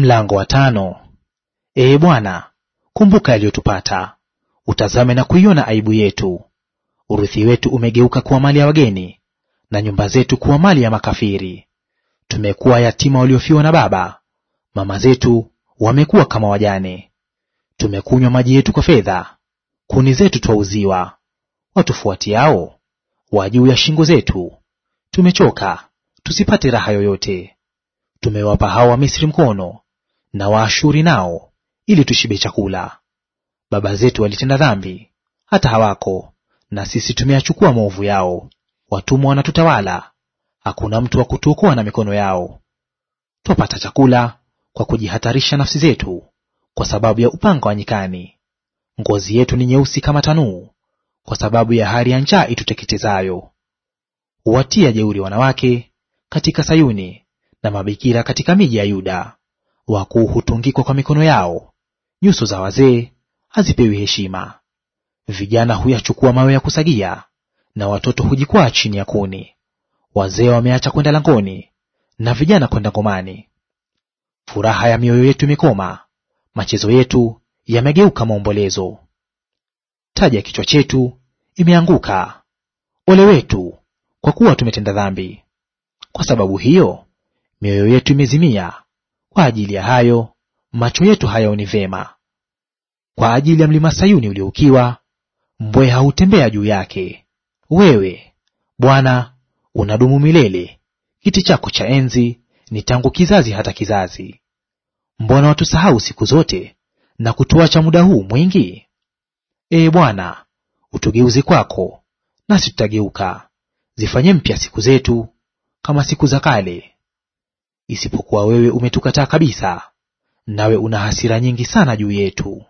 Mlango wa tano. Ee Bwana, kumbuka yaliyotupata, utazame na kuiona aibu yetu. Urithi wetu umegeuka kuwa mali ya wageni, na nyumba zetu kuwa mali ya makafiri. Tumekuwa yatima waliofiwa na baba, mama zetu wamekuwa kama wajane. Tumekunywa maji yetu kwa fedha, kuni zetu twauziwa. Watufuatiao wa juu ya shingo zetu, tumechoka tusipate raha yoyote. Tumewapa hao wa Misri mkono na Waashuri nao, ili tushibe chakula. Baba zetu walitenda dhambi, hata hawako; na sisi tumeyachukua maovu yao. Watumwa wanatutawala, hakuna mtu wa kutuokoa na mikono yao. Twapata chakula kwa kujihatarisha nafsi zetu, kwa sababu ya upanga wa nyikani. Ngozi yetu ni nyeusi kama tanuu, kwa sababu ya hari ya njaa ituteketezayo. Huwatia jeuri wanawake katika Sayuni na mabikira katika miji ya Yuda wakuu hutungikwa kwa mikono yao, nyuso za wazee hazipewi heshima. Vijana huyachukua mawe ya kusagia, na watoto hujikwaa chini ya kuni. Wazee wameacha kwenda langoni, na vijana kwenda ngomani. Furaha ya mioyo yetu imekoma, machezo yetu yamegeuka maombolezo. Taji ya kichwa chetu imeanguka, ole wetu, kwa kuwa tumetenda dhambi. Kwa sababu hiyo mioyo yetu imezimia, kwa ajili ya hayo macho yetu hayaoni vema. Kwa ajili ya mlima Sayuni ulioukiwa, mbweha hutembea juu yake. Wewe Bwana unadumu milele, kiti chako cha enzi ni tangu kizazi hata kizazi. Mbona watusahau siku zote na kutuacha muda huu mwingi? Ee Bwana, utugeuze kwako, nasi tutageuka; zifanye mpya siku zetu kama siku za kale isipokuwa wewe umetukataa kabisa, nawe una hasira nyingi sana juu yetu.